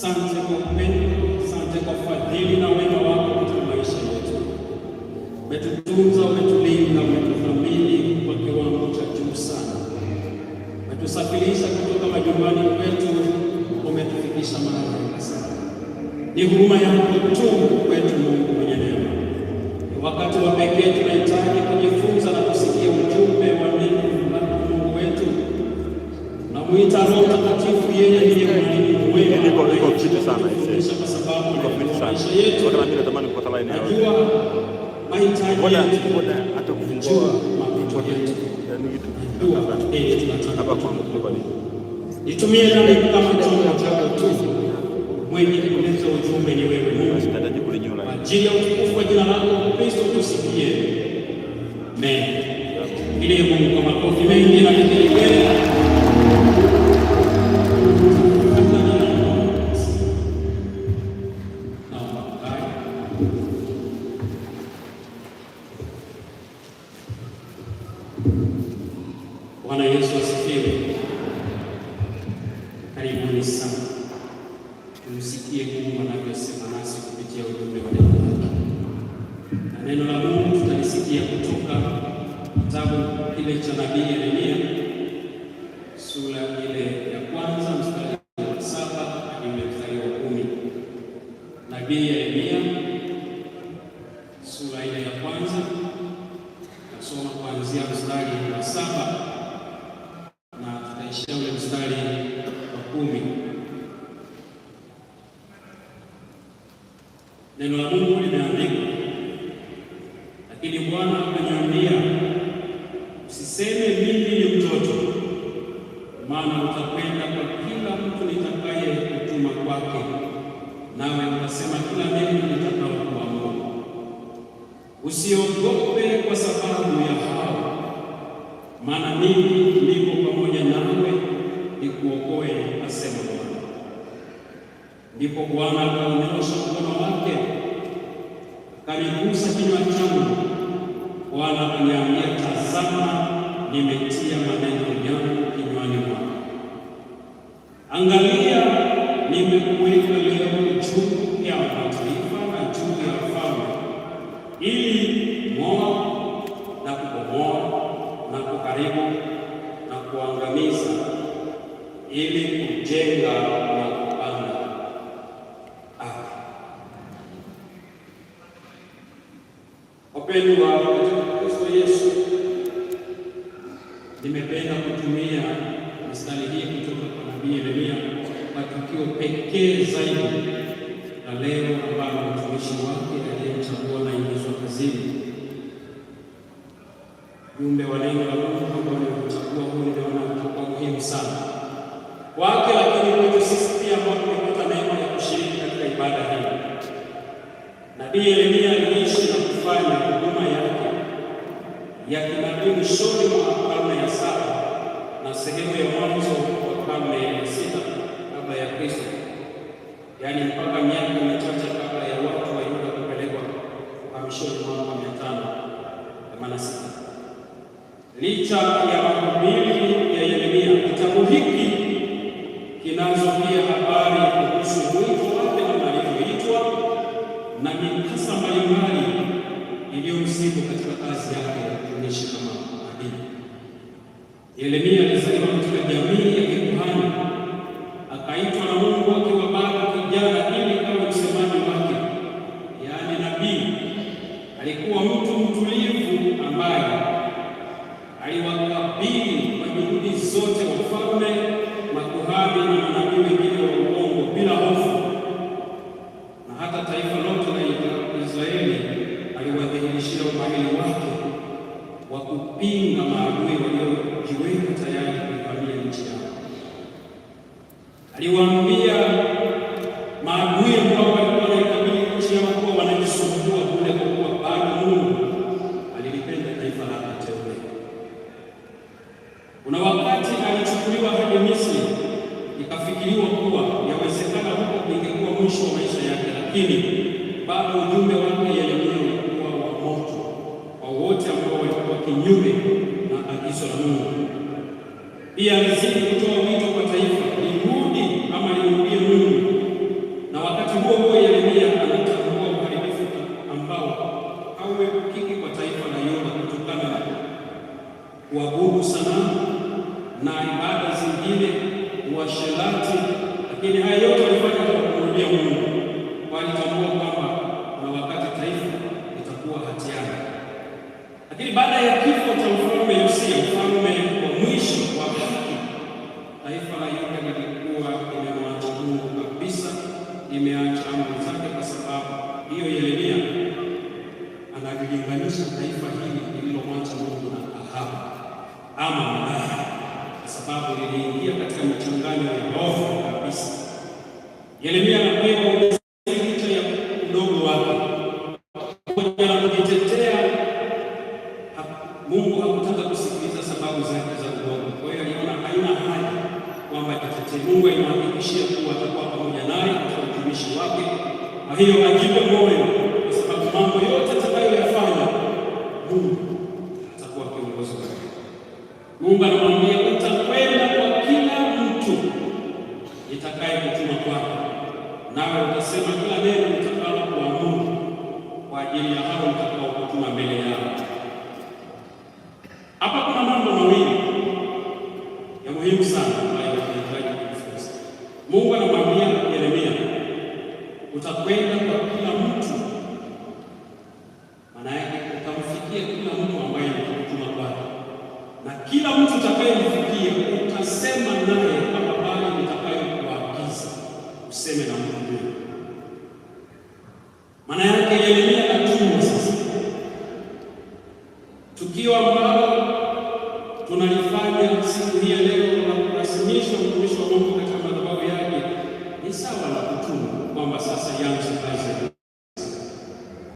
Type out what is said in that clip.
Sante kwa upendo, sante kwa fadhili na wema wako katika maisha yetu. Umetutunza, umetulinda, umetuthamini kwa kiwango cha juu sana. Umetusafirisha kutoka majumbani kwetu, umetufikisha mahali hapa sana. Ni huruma yako tu kwetu, Mungu mwenye neema. Ni wakati wa pekee tunahitaji kujifunza na kusikia ujumbe wa kuita Roho Mtakatifu yeye aliye mwalimu. Iko iko kitu sana hizi, iko kitu sana. Kwa kama mimi natamani kupata line yao, mahitaji bora hata kufungua eh, ni kitu eh, hapa kwa mtu bali nitumie nani kama chombo chako tu, mwenye kuleta ujumbe ni wewe Mungu, sitataji kule nyuma kwa ajili ya utukufu wa jina lako Kristo, tusikie amen. Ile Mungu kwa makofi mengi na Bwana Yesu asifiwe. Karibuni sana, tumsikie Mungu anavyosema nasi kupitia ujumbe wa leo, na neno la Mungu tutalisikia kutoka kitabu kile cha nabii Yeremia sura ile kuanzia mstari wa saba na tutaishia ule mstari wa kumi. Neno la Mungu limeandikwa, lakini Bwana ameniambia usiseme mimi ni mtoto, maana utakwenda kwa kila mtu nitakaye kutuma kwake, nawe utasema kila neno nitakalo kuamuru. Usiogope kwa sababu ya hao maana mimi niko pamoja nawe nikuokoe, asema Bwana. Ndipo Bwana akaunyosha mkono wake akanigusa kinywa changu, Bwana aliambia, tazama, nimetia maneno yangu kinywani mwako. Angalia, nimekuweka leo juu ya mataifa na juu ya falme, ili moa na kubomoa na kuharibu na kuangamiza, ili kujenga na kupanda ardhi. Wapendwa katika Kristo Yesu, nimependa kutumia mistari hii kutoka kwa nabii Yeremia kwa tukio pekee zaidi na leo ambalo mtumishi wake aliyemchagua na ingizwa kazini baraka hii. Nabii Yeremia aliishi na kufanya huduma yake ya kinabii mwishoni mwa karne ya saba na sehemu ya mwanzo wa karne ya sita kabla ya Kristo, yaani mpaka miaka michache kabla ya watu wa Yuda kupelekwa uhamishoni mwaka mia tano themanini na sita. Licha ya mahubiri ya Yeremia, kitabu hiki kinazo Yeremia alizaliwa katika jamii ya kikuhani, akaitwa na Mungu akiwa bado kijana ili kama msemaji wake, yaani nabii. Alikuwa mtu mtulivu aliwaambia maadui ambao walikuwa wanaikabili nchi yao kuwa wanajisumbua kule, kwa kuwa bado Mungu alilipenda taifa lake teule. Kuna wakati alichukuliwa hadi Misri, ikafikiriwa kuwa yawezekana huko ingekuwa mwisho wa maisha yake, lakini bado ujumbe wake yenyewe ulikuwa wa moto kwa wote ambao walikuwa kinyume na agizo la Mungu. Pia alizidi kutoa wito kwa taifa Wakati huo Yeremia alitambua uharibifu ambao hauepukiki kwa taifa la Yuda kutokana na kuabudu sanamu na ibada zingine, uasherati. Lakini haya yote walifanya kwa kumrudia Mungu, walitambua kwamba na wakati taifa litakuwa hatiani. Lakini baada ya kifo cha mfalme Yosia mfalme ama madaha, kwa sababu liliingia katika michangano ya hofu kabisa. Yeremia anapewa licha ya udogo wake moja na kujitetea, Mungu hakutaka kusikiliza sababu zake za udogo. Kwa hiyo aliona haina haja kwamba atetee. Mungu alimhakikishia kuwa atakuwa pamoja naye katika utumishi wake, kwa hiyo ajipe moyo Mungu anamwambia utakwenda kwa kila mtu nitakaye kutuma kwako, nawe utasema kila neno nitakalo kuamuru kwa ajili ya hao nitakaokutuma mbele yao. Hapa kuna mambo mawili ya muhimu sana ambayo tunahitaji kujifunza. Mungu anamwambia Yeremia, utakwenda kwa kila mtu, maana yake utamfikia kila mtu ambaye na kila mtu utakayemfikia utasema naye kama bali nitakayokuagiza useme na Mungu. Maana yake Yeremia katumwa sasa, tukio ambalo tunalifanya siku hii leo